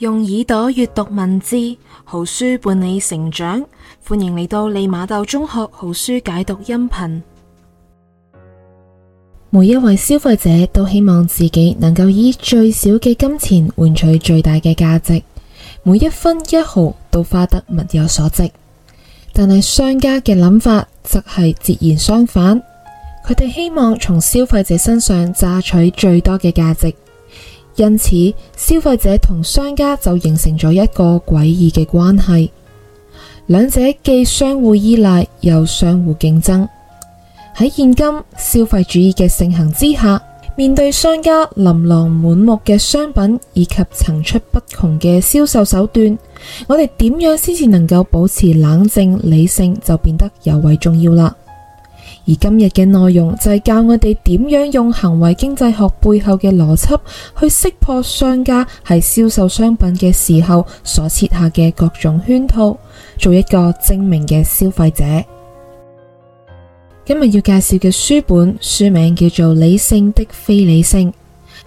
用耳朵閱讀文字，好書伴你成長。歡迎嚟到利瑪竇中學好書解讀音頻。每一位消費者都希望自己能夠以最少嘅金錢換取最大嘅價值，每一分一毫都花得物有所值。但係商家嘅諗法則係截然相反，佢哋希望從消費者身上榨取最多嘅價值。因此，消費者同商家就形成咗一個詭異嘅關係，兩者既相互依賴又相互競爭。喺現今消費主義嘅盛行之下，面對商家琳琅滿目嘅商品以及層出不窮嘅銷售手段，我哋點樣先至能夠保持冷靜、理性，就變得尤為重要啦。而今日嘅內容就係教我哋點樣用行為經濟學背後嘅邏輯，去識破商家喺銷售商品嘅時候所設下嘅各種圈套，做一個精明嘅消費者。今日要介紹嘅書本書名叫做《理性的非理性》，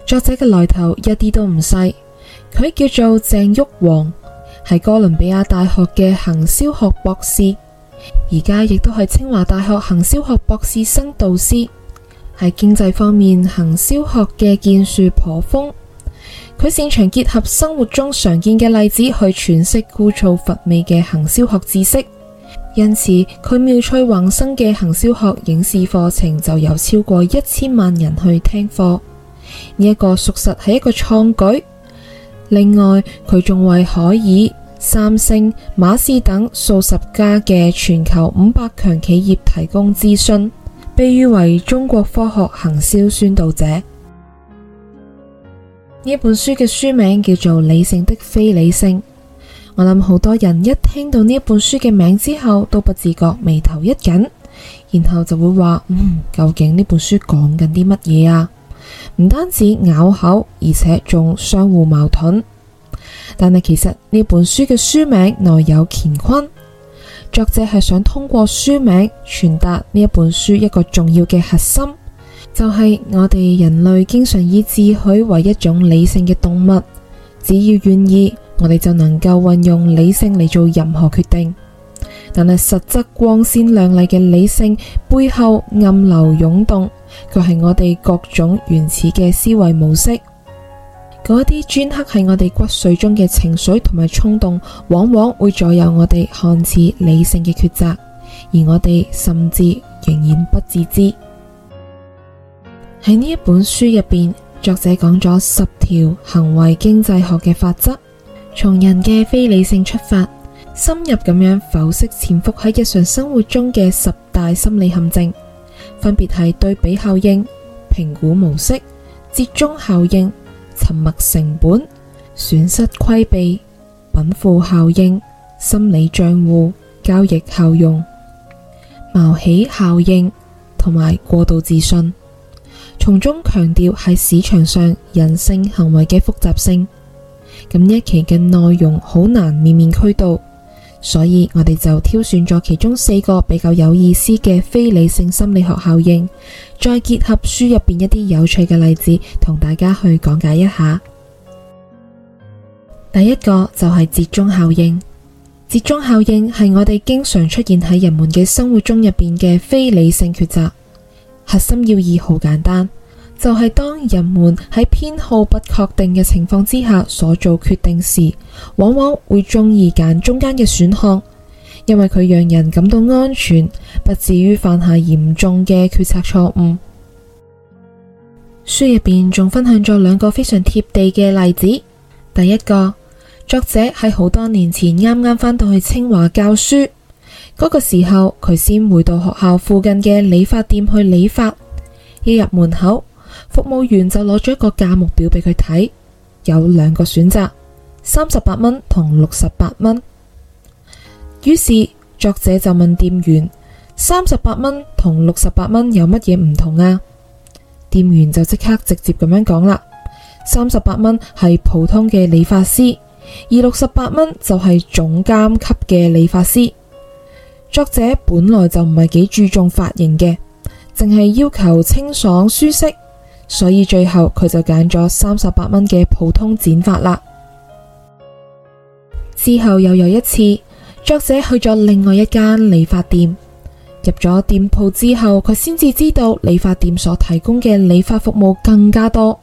作者嘅來頭一啲都唔細，佢叫做鄭毓煌，係哥倫比亞大學嘅行銷學博士。而家亦都係清華大學行銷學博士生導師，喺經濟方面行銷學嘅建樹頗豐。佢擅長結合生活中常見嘅例子去詮釋枯燥乏味嘅行銷學知識，因此佢妙趣橫生嘅行銷學影視課程就有超過一千萬人去聽課。呢一個屬實係一個創舉。另外，佢仲為海爾三星、馬斯等數十家嘅全球五百強企業提供諮詢，被譽為中國科學行銷宣導者。呢本書嘅書名叫做《理性的非理性》，我諗好多人一聽到呢本書嘅名之後，都不自覺眉頭一緊，然後就會話：嗯，究竟呢本書講緊啲乜嘢啊？唔單止咬口，而且仲相互矛盾。但係其實呢本書嘅書名內有乾坤，作者係想通過書名傳達呢一本書一個重要嘅核心，就係我哋人類經常以自詡為一種理性嘅動物，只要願意，我哋就能夠運用理性嚟做任何決定。但係實質光鮮亮麗嘅理性背後暗流湧動，佢係我哋各種原始嘅思維模式。嗰一啲磚刻喺我哋骨髓中嘅情緒同埋衝動，往往會左右我哋看似理性嘅抉擇，而我哋甚至仍然不自知。喺呢 本書入面，作者講咗十條行為經濟學嘅法則，從人嘅非理性出發，深入咁樣剖析潛伏喺日常生活中嘅十大心理陷阱，分別係對比效應、評估模式、折中效應。沉沒成本、損失規避、稟賦效應、心理賬戶、交易效用、錨定效應同埋過度自信，從中強調喺市場上人性行為嘅複雜性。咁呢一期嘅內容好難面面俱到。所以我哋就挑選咗其中四個比較有意思嘅非理性心理學效應，再結合書入邊一啲有趣嘅例子，同大家去講解一下。第一個就係折中效應。折中效應係我哋經常出現喺人們嘅生活中入邊嘅非理性抉擇。核心要義好簡單。就係當人們喺偏好不確定嘅情況之下所做決定時，往往會鍾意揀中間嘅選項，因為佢讓人感到安全，不至於犯下嚴重嘅決策錯誤。書入邊仲分享咗兩個非常貼地嘅例子。第一個，作者喺好多年前啱啱返到去清華教書嗰個時候，佢先回到學校附近嘅理髮店去理髮，一入門口，服務員就攞咗一個價目表俾佢睇，有兩個選擇，三十八蚊同六十八蚊。於是作者就問店員：三十八蚊同六十八蚊有乜嘢唔同啊？店員就即刻直接咁樣講啦：三十八蚊係普通嘅理髮師，而六十八蚊就係總監級嘅理髮師。作者本來就唔係幾注重髮型嘅，淨係要求清爽舒適。所以最後佢就揀咗三十八蚊嘅普通剪髮啦。之後又有一次，作者去咗另外一間理髮店，入咗店鋪之後，佢先至知道理髮店所提供嘅理髮服務更加多，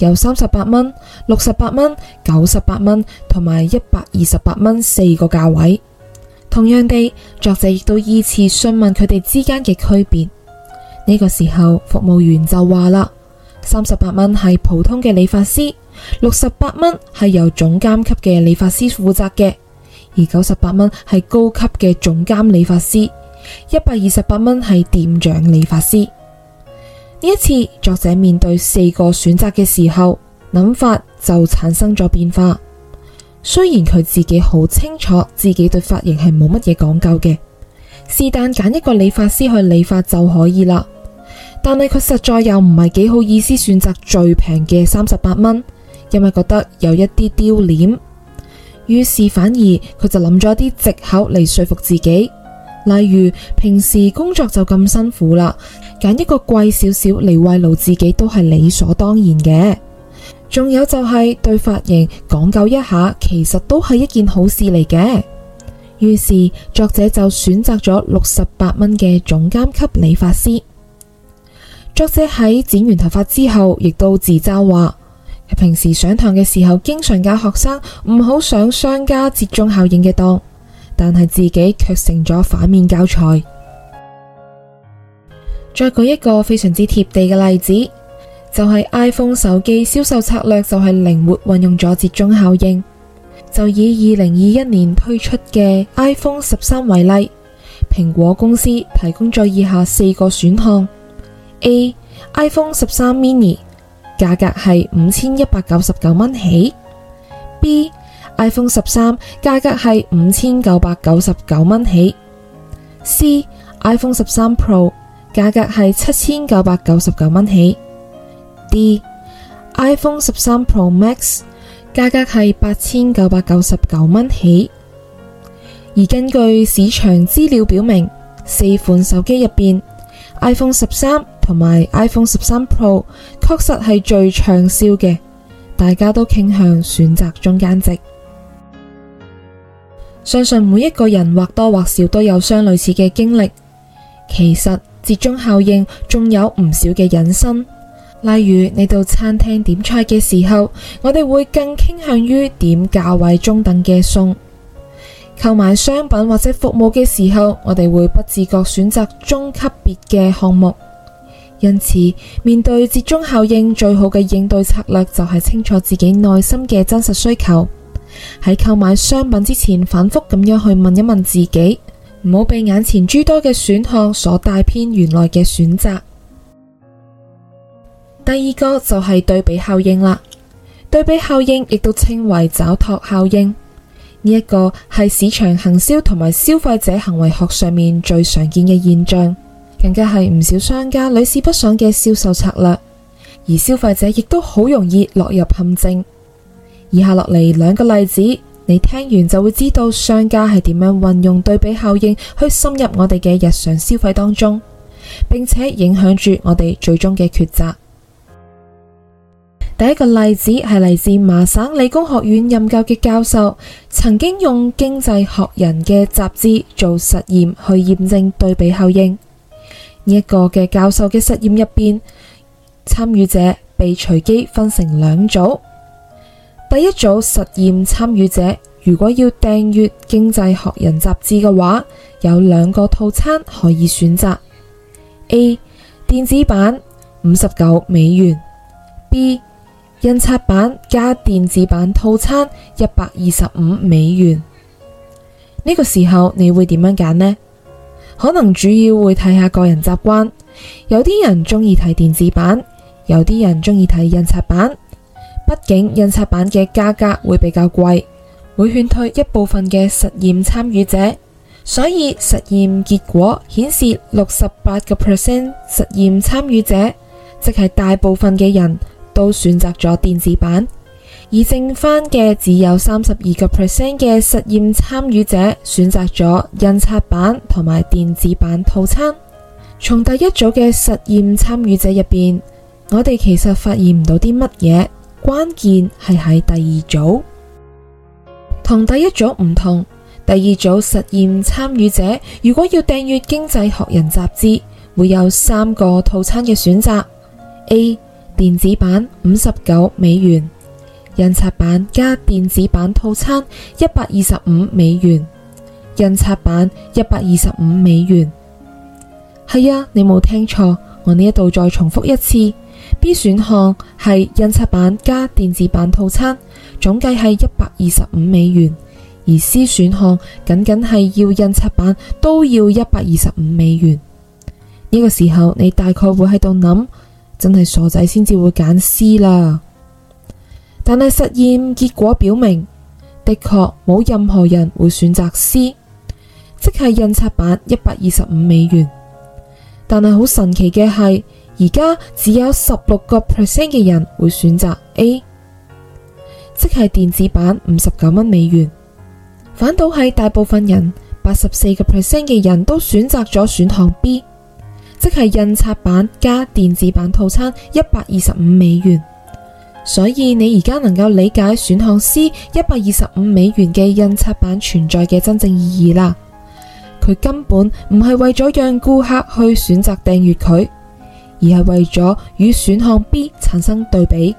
有三十八蚊、六十八蚊、九十八蚊同埋一百二十八蚊四個價位。同樣地，作者亦都依次詢問佢哋之間嘅區別。呢個時候，服務員就話啦。三十八蚊係普通嘅理髮師，六十八蚊係由總監級嘅理髮師負責嘅，而九十八蚊係高級嘅總監理髮師，一百二十八蚊係店長理髮師。呢一次，作者面對四個選擇嘅時候，諗法就產生咗變化。雖然佢自己好清楚自己對髮型係冇乜嘢講究嘅，是但揀一個理髮師去理髮就可以啦。但係佢實在又唔係幾好意思選擇最平嘅三十八蚊，因為覺得有一啲丟臉，於是反而佢就諗咗啲借口嚟說服自己，例如平時工作就咁辛苦啦，揀一個貴少少嚟慰勞自己都係理所當然嘅。仲有就係對髮型講究一下，其實都係一件好事嚟嘅。於是作者就選擇咗六十八蚊嘅總監級理髮師。作者喺剪完頭髮之後，亦都自嘲話：平時上堂嘅時候，經常教學生唔好上商家折中效應嘅當，但係自己卻成咗反面教材。 再舉一個非常之貼地嘅例子，就係 iPhone 手機銷售策略就係靈活運用咗折中效應。就以二零二一年推出嘅 iPhone 十三為例，蘋果公司提供咗以下四個選項。a iPhone 十三 mini 價格係五千一百九十九蚊起；b iPhone 十三價格係五千九百九十九蚊起；c iPhone 十三 Pro 價格係七千九百九十九蚊起；d iPhone 十三 Pro Max 價格係八千九百九十九蚊起。而根據市場資料表明，四款手機入面 iPhone 十三。同埋 iPhone 十三 Pro 確實係最暢銷嘅，大家都傾向選擇中間值。相信每一個人或多或少都有相類似嘅經歷。其實折中效應仲有唔少嘅引申，例如你到餐廳點菜嘅時候，我哋會更傾向於點價位中等嘅餸；購買商品或者服務嘅時候，我哋會不自覺選擇中級別嘅項目。因此，面對折中效應，最好嘅應對策略就係清楚自己內心嘅真實需求。喺購買商品之前，反覆咁樣去問一問自己，唔好被眼前諸多嘅選項所帶偏原來嘅選擇。第二個就係對比效應啦，對比效應亦都稱為找托效應。呢一個係市場行銷同埋消費者行為學上面最常見嘅現象，嘅係唔少商家屢試不爽嘅銷售策略，而消費者亦都好容易落入陷阱。以下落嚟兩個例子，你聽完就會知道商家係點樣運用對比效應去深入我哋嘅日常消費當中，並且影響住我哋最終嘅抉擇。第一個例子係嚟自麻省理工學院任教嘅教授，曾經用《經濟學人》嘅雜誌做實驗去驗證對比效應。呢一個嘅教授嘅實驗入邊，參與者被隨機分成兩組。第一組實驗參與者如果要訂閱《經濟學人》雜誌嘅話，有兩個套餐可以選擇：A 電子版五十九美元；B 印刷版加電子版套餐一百二十五美元。呢個時候你會點樣揀呢？可能主要會睇下個人習慣，有啲人鍾意睇電子版，有啲人鍾意睇印刷版。畢竟印刷版嘅價格會比較貴，會勸退一部分嘅實驗參與者，所以實驗結果顯示六十八個 percent 實驗參與者，即係大部分嘅人都選擇咗電子版。而剩返嘅只有三十二個 percent 嘅實驗參與者選擇咗印刷版同埋電子版套餐。從第一組嘅實驗參與者入邊，我哋其實發現唔到啲乜嘢，關鍵係喺第二組。同第一組唔同，第二組實驗參與者如果要訂閱《經濟學人》雜誌，會有三個套餐嘅選擇：A 電子版五十九美元。印刷版加電子版套餐一百二十五美元，印刷版一百二十五美元。係啊，你冇聽錯，我呢一度再重複一次。B 選項係印刷版加電子版套餐，總計係一百二十五美元。而 C 選項僅僅係要印刷版都要一百二十五美元。呢個時候你大概會喺度諗，真係傻仔先至會揀 C 啦。但係實驗結果表明，的確冇任何人會選擇 C，即係印刷版一百二十五美元。但係好神奇嘅係，而家只有十六個 percent 嘅人會選擇 A，即係電子版五十九蚊美元。反倒係大部分人八十四個 percent 嘅人都選擇咗選項 B，即係印刷版加電子版套餐一百二十五美元。所以你而家能夠理解選項 C 一百二十五美元嘅印刷版存在嘅真正意義啦。佢根本唔係為咗讓顧客去選擇訂閱佢，而係為咗與選項 B 產生對比，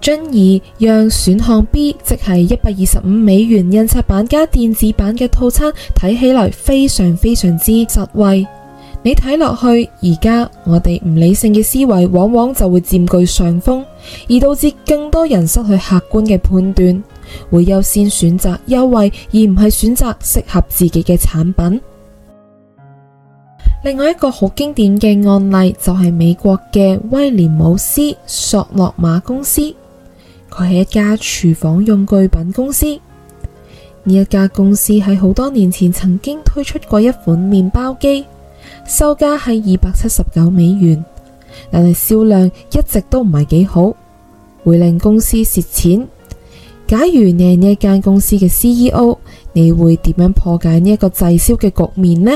進而讓選項 B 即係一百二十五美元印刷版加電子版嘅套餐，睇起來非常非常之實惠。你睇落去，而家我哋唔理性嘅思維，往往就會佔據上風，而導致更多人失去客觀嘅判斷，會優先選擇優惠，而唔係選擇適合自己嘅產品。另外一個好經典嘅案例就係美國嘅威廉姆斯索諾瑪公司，佢係一家廚房用具品公司。呢一家公司喺好多年前曾經推出過一款麵包機。售價係二百七十九美元，但係銷量一直都唔係幾好，會令公司蝕錢。假如你係呢一間公司嘅 CEO，你會點樣破解呢一個滯銷嘅局面呢？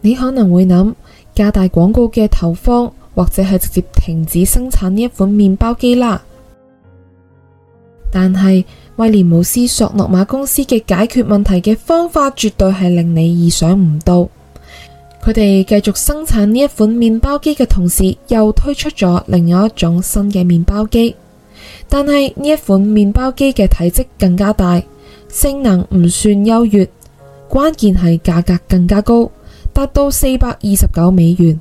你可能會諗加大廣告嘅投放，或者係直接停止生產呢一款麵包機啦。但係威廉姆斯索諾馬公司嘅解決問題嘅方法絕對係令你意想唔到。佢哋繼續生產呢一款麵包機嘅同時，又推出咗另外一種新嘅麵包機。但係呢一款麵包機嘅體積更加大，性能唔算優越，關鍵係價格更加高，達到四百二十九美元。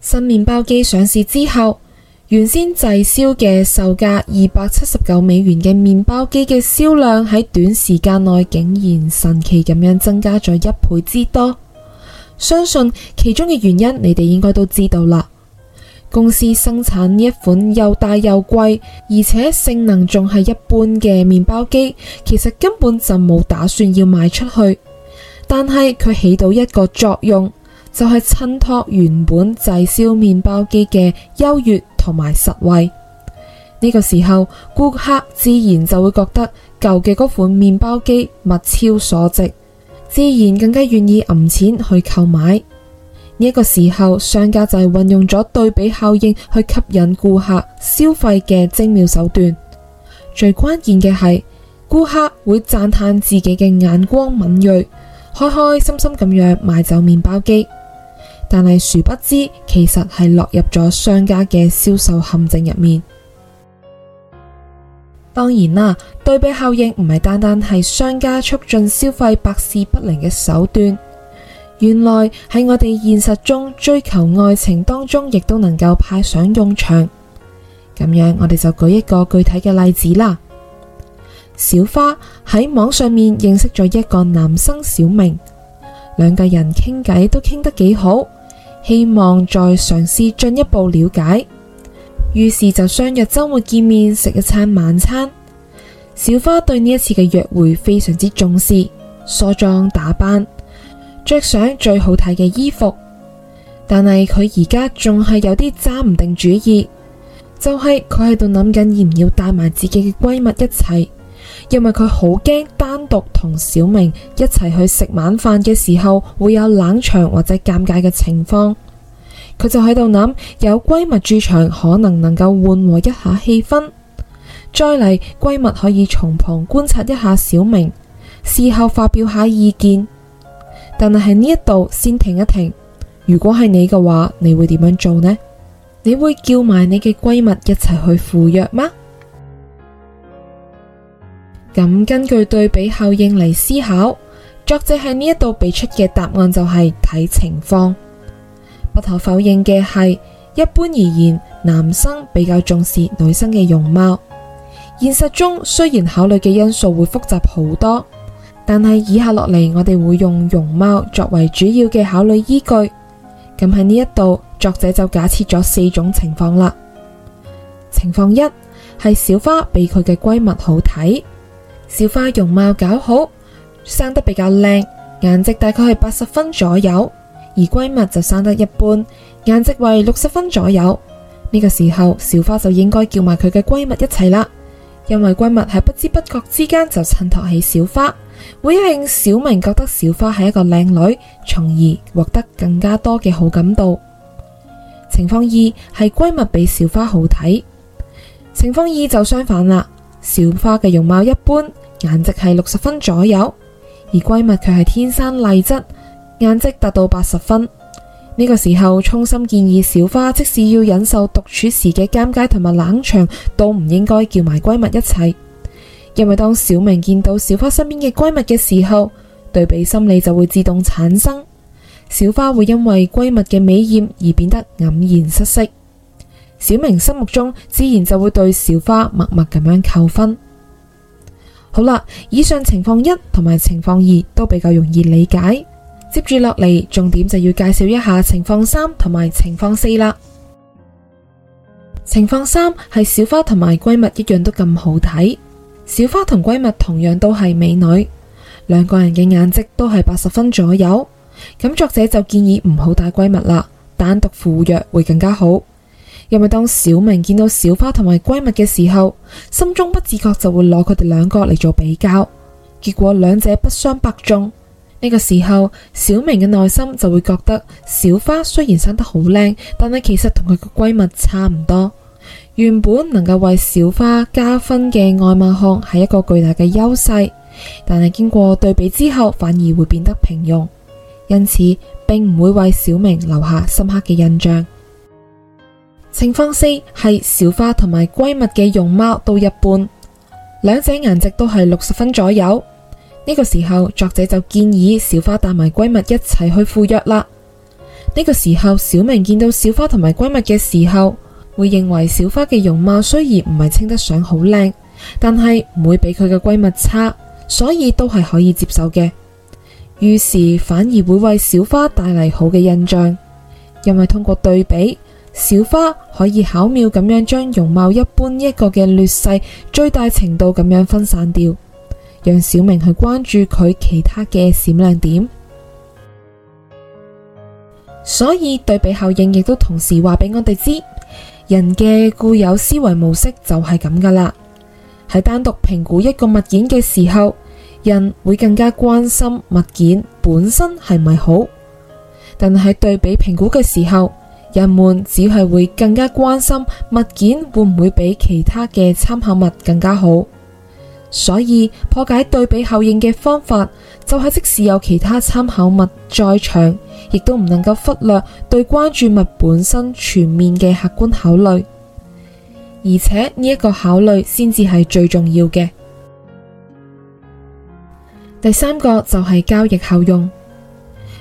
新麵包機上市之後，原先滯銷嘅售價二百七十九美元嘅麵包機嘅銷量喺短時間內竟然神奇咁樣增加咗一倍之多。相信其中嘅原因，你哋應該都知道啦。公司生產呢一款又大又貴，而且性能仲係一般嘅麵包機，其實根本就冇打算要賣出去。但係佢起到一個作用，就係、是、襯托原本滯銷麵包機嘅優越同埋實惠。呢、這個時候，顧客自然就會覺得舊嘅嗰款麵包機物超所值。自然更加願意揞錢去購買。呢個時候，商家就係運用咗對比效應去吸引顧客消費嘅精妙手段。最關鍵嘅係顧客會讚嘆自己嘅眼光敏銳，開開心心咁樣買走麵包機，但係殊不知其實係落入咗商家嘅銷售陷阱入面。當然啦，對比效應唔係單單係商家促進消費百試不靈嘅手段，原來喺我哋現實中追求愛情當中，亦都能夠派上用場。咁樣，我哋就舉一個具體嘅例子啦。小花喺網上面認識咗一個男生小明，兩個人傾偈都傾得幾好，希望再嘗試進一步了解。於是就相約周末見面，食一餐晚餐。小花對呢一次嘅約會非常之重視，梳妝打扮，着上最好睇嘅衣服。但係佢而家仲係有啲揸唔定主意，就係佢喺度諗緊要唔要帶埋自己嘅閨蜜一齊，因為佢好驚單獨同小明一齊去食晚飯嘅時候會有冷場或者尷尬嘅情況。佢就喺度諗，有閨蜜駐場可能能夠緩和一下氣氛，再嚟閨蜜可以從旁觀察一下小明，事後發表下意見。但係喺呢一度先停一停。如果係你嘅話，你會點樣做呢？你會叫埋你嘅閨蜜一齊去赴約嗎？咁根據對比效應嚟思考，作者喺呢一度俾出嘅答案就係睇情況。不可否認嘅係，一般而言，男生比較重視女生嘅容貌。現實中雖然考慮嘅因素會複雜好多，但係以下落嚟，我哋會用容貌作為主要嘅考慮依據。咁喺呢一度，作者就假設咗四種情況啦。情況一係小花比佢嘅閨蜜好睇，小花容貌姣好，生得比較靚，顏值大概係八十分左右。而閨蜜就生得一般，顏值為六十分左右。呢個時候，小花就應該叫埋佢嘅閨蜜一齊啦，因為閨蜜喺不知不覺之間就襯托起小花，會令小明覺得小花係一個靚女，從而獲得更加多嘅好感度。情況二係閨蜜比小花好睇，情況二就相反啦。小花嘅容貌一般，顏值係六十分左右，而閨蜜佢係天生麗質。顏值達到八十分，呢個時候，衷心建議小花，即使要忍受獨處時嘅尷尬同埋冷場，都唔應該叫埋閨蜜一齊。因為當小明見到小花身邊嘅閨蜜嘅時候，對比心理就會自動產生，小花會因為閨蜜嘅美艷而變得黯然失色，小明心目中自然就會對小花默默咁樣扣分。好啦，以上情況一同埋情況二都比較容易理解。接住落嚟，重點就要介紹一下情況三同埋情況四啦。情況三係小花同埋閨蜜一樣都咁好睇，小花同閨蜜同樣都係美女，兩個人嘅顏值都係八十分左右。咁作者就建議唔好帶閨蜜啦，單獨赴約會更加好。因為當小明見到小花同埋閨蜜嘅時候，心中不自覺就會攞佢哋兩個嚟做比較，結果兩者不相伯仲。呢個時候，小明嘅內心就會覺得小花雖然生得好靚，但係其實同佢個閨蜜差唔多。原本能夠為小花加分嘅外貌學係一個巨大嘅優勢，但係經過對比之後，反而會變得平庸，因此並唔會為小明留下深刻嘅印象。情況四係小花同埋閨蜜嘅容貌都一般，兩者顏值都係六十分左右。呢個時候，作者就建議小花帶埋閨蜜一齊去赴約啦。呢個時候，小明見到小花同埋閨蜜嘅時候，會認為小花嘅容貌雖然唔係稱得上好靚，但係唔會比佢嘅閨蜜差，所以都係可以接受嘅。於是反而會為小花帶嚟好嘅印象，因為通過對比，小花可以巧妙咁樣將容貌一般一個嘅劣勢，最大程度咁樣分散掉，讓小明去關注佢其他嘅閃亮點。所以對比效應亦都同時話俾我哋知，人嘅固有思維模式就係咁噶啦。喺單獨評估一個物件嘅時候，人會更加關心物件本身係咪好；但係對比評估嘅時候，人們只係會更加關心物件會唔會比其他嘅參考物更加好。所以破解對比效應嘅方法，就係即使有其他參考物在場，亦都唔能夠忽略對關注物本身全面嘅客觀考慮。而且呢一個考慮先至係最重要嘅。第三個就係交易效用。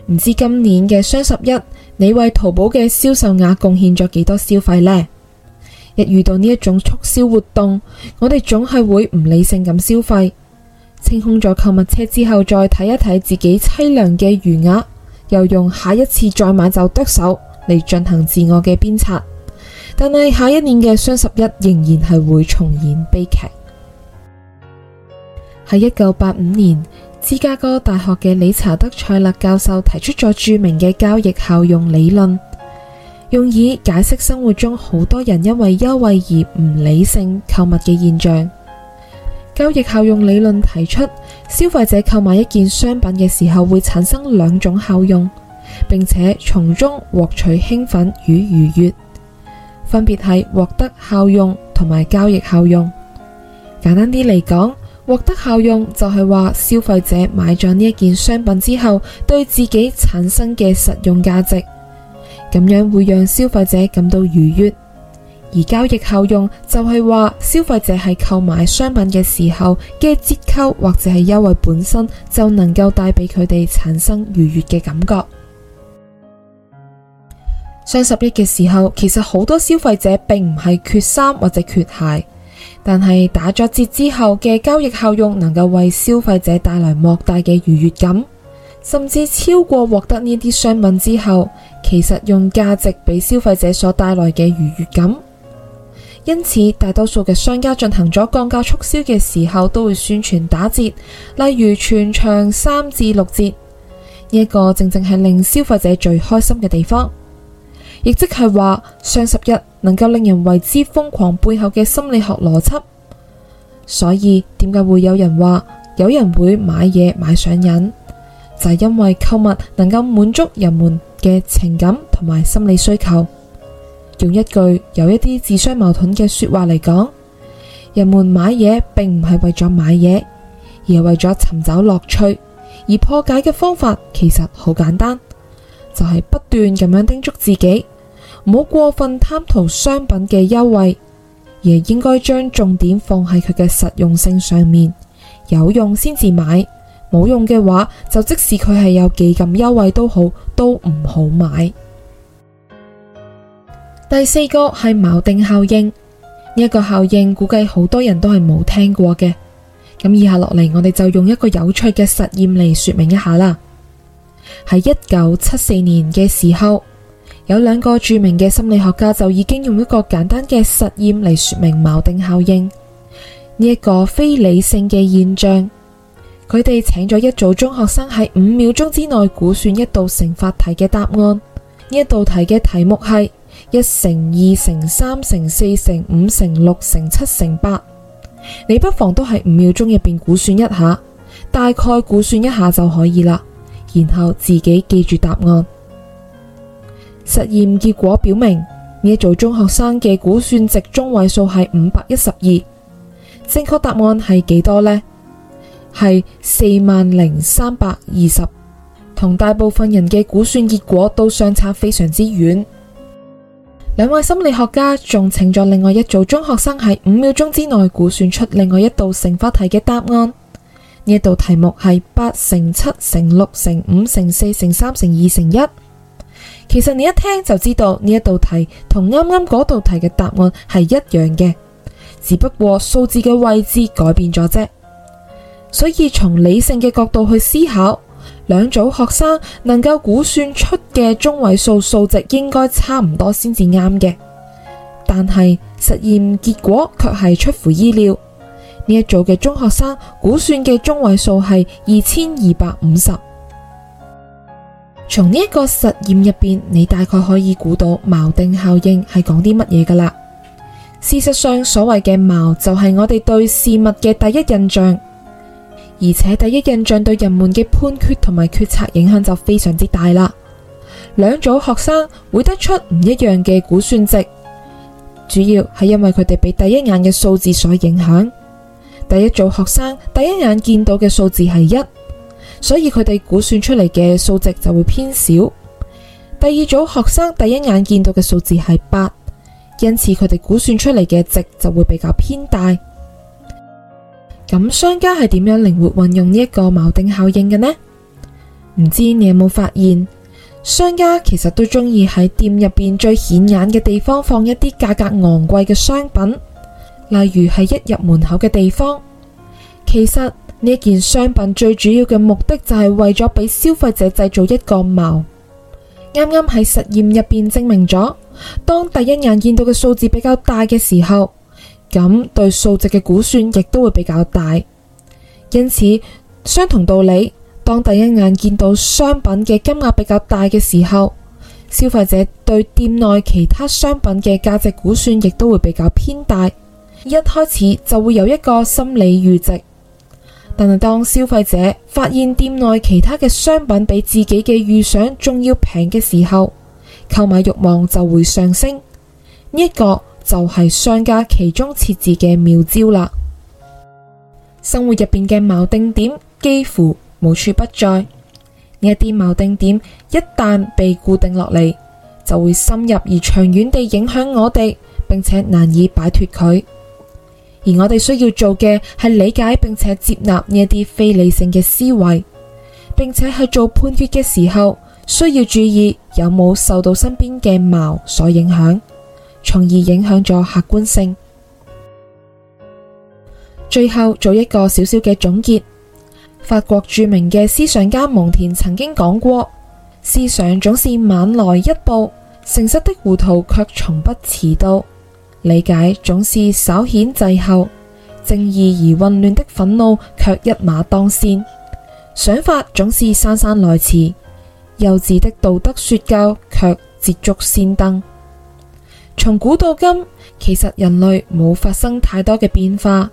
唔知今年嘅雙十一，你為淘寶嘅銷售額貢獻咗幾多消費呢？一遇到呢一種促銷活動，我哋總係會唔理性咁消費，清空咗購物車之後，再睇一睇自己淒涼嘅餘額，又用下一次再買就剁手嚟進行自我嘅鞭策。但係下一年嘅雙十一仍然係會重演悲劇。喺一九八五年，芝加哥大學嘅理查德·塞勒教授提出咗著名嘅交易效用理論。用以解釋生活中好多人因為優惠而唔理性購物嘅現象。交易效用理論提出，消費者購買一件商品嘅時候會產生兩種效用，並且從中獲取興奮與愉悅，分別係獲得效用同埋交易效用。簡單啲嚟講，獲得效用就係話消費者買咗呢一件商品之後，對自己產生嘅實用價值。咁樣會讓消費者感到愉悅，而交易效用就係話，消費者喺購買商品嘅時候嘅折扣或者係優惠本身就能夠帶俾佢哋產生愉悅嘅感覺。雙十一嘅時候，其實好多消費者並唔係缺衫或者缺鞋，但係打咗折之後嘅交易效用能夠為消費者帶來莫大嘅愉悅感。甚至超過獲得呢啲商品之後，其實用價值俾消費者所帶來嘅愉悅感。因此，大多數嘅商家進行咗降價促銷嘅時候，都會宣傳打折，例如全場三至六折。呢個正正係令消費者最開心嘅地方，亦即係話雙十一能夠令人為之瘋狂背後嘅心理學邏輯。所以點解會有人話有人會買嘢買上癮？就係因為購物能夠滿足人們嘅情感同埋心理需求。用一句有一啲自相矛盾嘅說話嚟講，人們買嘢並唔係為咗買嘢，而係為咗尋找樂趣。而破解嘅方法其實好簡單，就係不斷咁樣叮囑自己，唔好過分貪圖商品嘅優惠，而應該將重點放喺佢嘅實用性上面，有用先至買。冇用嘅話，就即使佢係有幾咁優惠都好，都唔好買。第四個係錨定效應，呢一個效應估計好多人都係冇聽過嘅。咁以下落嚟，我哋就用一個有趣嘅實驗嚟說明一下啦。喺一九七四年嘅時候，有兩個著名嘅心理學家就已經用一個簡單嘅實驗嚟說明錨定效應呢一個非理性嘅現象。佢哋請咗一組中學生喺五秒鐘之內估算一道乘法題嘅答案。呢一道題嘅題目係一乘二乘三乘四乘五乘六乘七乘八。你不妨都喺五秒鐘入邊估算一下，大概估算一下就可以啦。然後自己記住答案。實驗結果表明，呢組中學生嘅估算值中位數係五百一十二。正確答案係幾多呢？係四萬零三百二十，同大部分人嘅估算結果都相差非常之遠。兩位心理學家仲請咗另外一組中學生喺五秒鐘之內估算出另外一道乘法題嘅答案。呢一道題目係八乘七乘六乘五乘四乘三乘二乘一。其實你一聽就知道呢一道題同啱啱嗰道題嘅答案係一樣嘅，只不過數字嘅位置改變咗啫。所以從理性嘅角度去思考，兩組學生能夠估算出嘅中位數數值應該差唔多先至啱嘅。但係實驗結果卻係出乎意料，呢一組嘅中學生估算嘅中位數係二千二百五十。從呢一個實驗入邊，你大概可以估到錨定效應係講啲乜嘢噶啦。事實上，所謂嘅錨就係我哋對事物嘅第一印象。而且第一印象對人們嘅判決同埋決策影響就非常之大啦。兩組學生會得出唔一樣嘅估算值，主要係因為佢哋被第一眼嘅數字所影響。第一組學生第一眼見到嘅數字係一，所以佢哋估算出嚟嘅數值就會偏少；第二組學生第一眼見到嘅數字係八，因此佢哋估算出嚟嘅值就會比較偏大。咁商家係點樣靈活運用呢一個錨定效應嘅呢？唔知你有冇發現，商家其實都中意喺店入邊最顯眼嘅地方放一啲價格昂貴嘅商品，例如係一入門口嘅地方。其實呢件商品最主要嘅目的就係為咗俾消費者製造一個錨。啱啱喺實驗入邊證明咗，當第一眼見到嘅數字比較大嘅時候，咁對數值嘅估算亦都會比較大，因此相同道理，當第一眼見到商品嘅金額比較大嘅時候，消費者對店內其他商品嘅價值估算亦都會比較偏大，一開始就會有一個心理預值。但係當消費者發現店內其他嘅商品比自己嘅預想仲要平嘅時候，購買欲望就會上升呢一、這個就係商家其中設置嘅妙招啦。生活入邊嘅錨定點幾乎無處不在。呢一啲錨定點一旦被固定落嚟，就會深入而長遠地影響我哋，並且難以擺脫佢。而我哋需要做嘅係理解並且接納呢一啲非理性嘅思維，並且喺做判決嘅時候，需要注意有冇受到身邊嘅錨所影響，從而影響咗客觀性。最後做一個小小嘅總結。法國著名嘅思想家蒙田曾經講過，思想總是晚來一步，誠實的糊塗卻從不遲到，理解總是稍顯滯後，正義而混亂的憤怒卻一馬當先，想法總是姍姍來遲，幼稚的道德說教卻捷足先登。從古到今，其實人類冇發生太多嘅變化，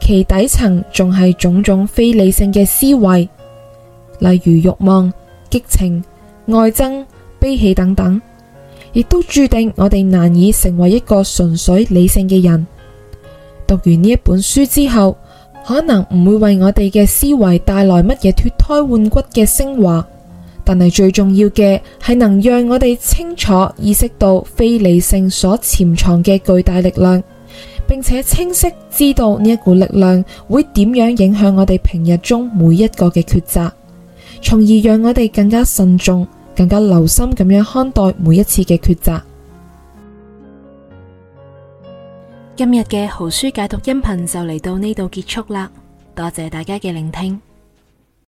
其底層仲係種種非理性嘅思維，例如慾望、激情、愛憎、悲喜等等，亦都注定我哋難以成為一個純粹理性嘅人。讀完呢一本書之後，可能唔會為我哋嘅思維帶來乜嘢脫胎換骨嘅昇華。但係最重要嘅係能讓我哋清楚意識到非理性所潛藏嘅巨大力量，並且清晰知道呢一股力量會點樣影響我哋平日中每一個嘅抉擇，從而讓我哋更加慎重、更加留心咁樣看待每一次嘅抉擇。今日嘅好書解讀音頻就嚟到呢度結束啦，多謝大家嘅聆聽。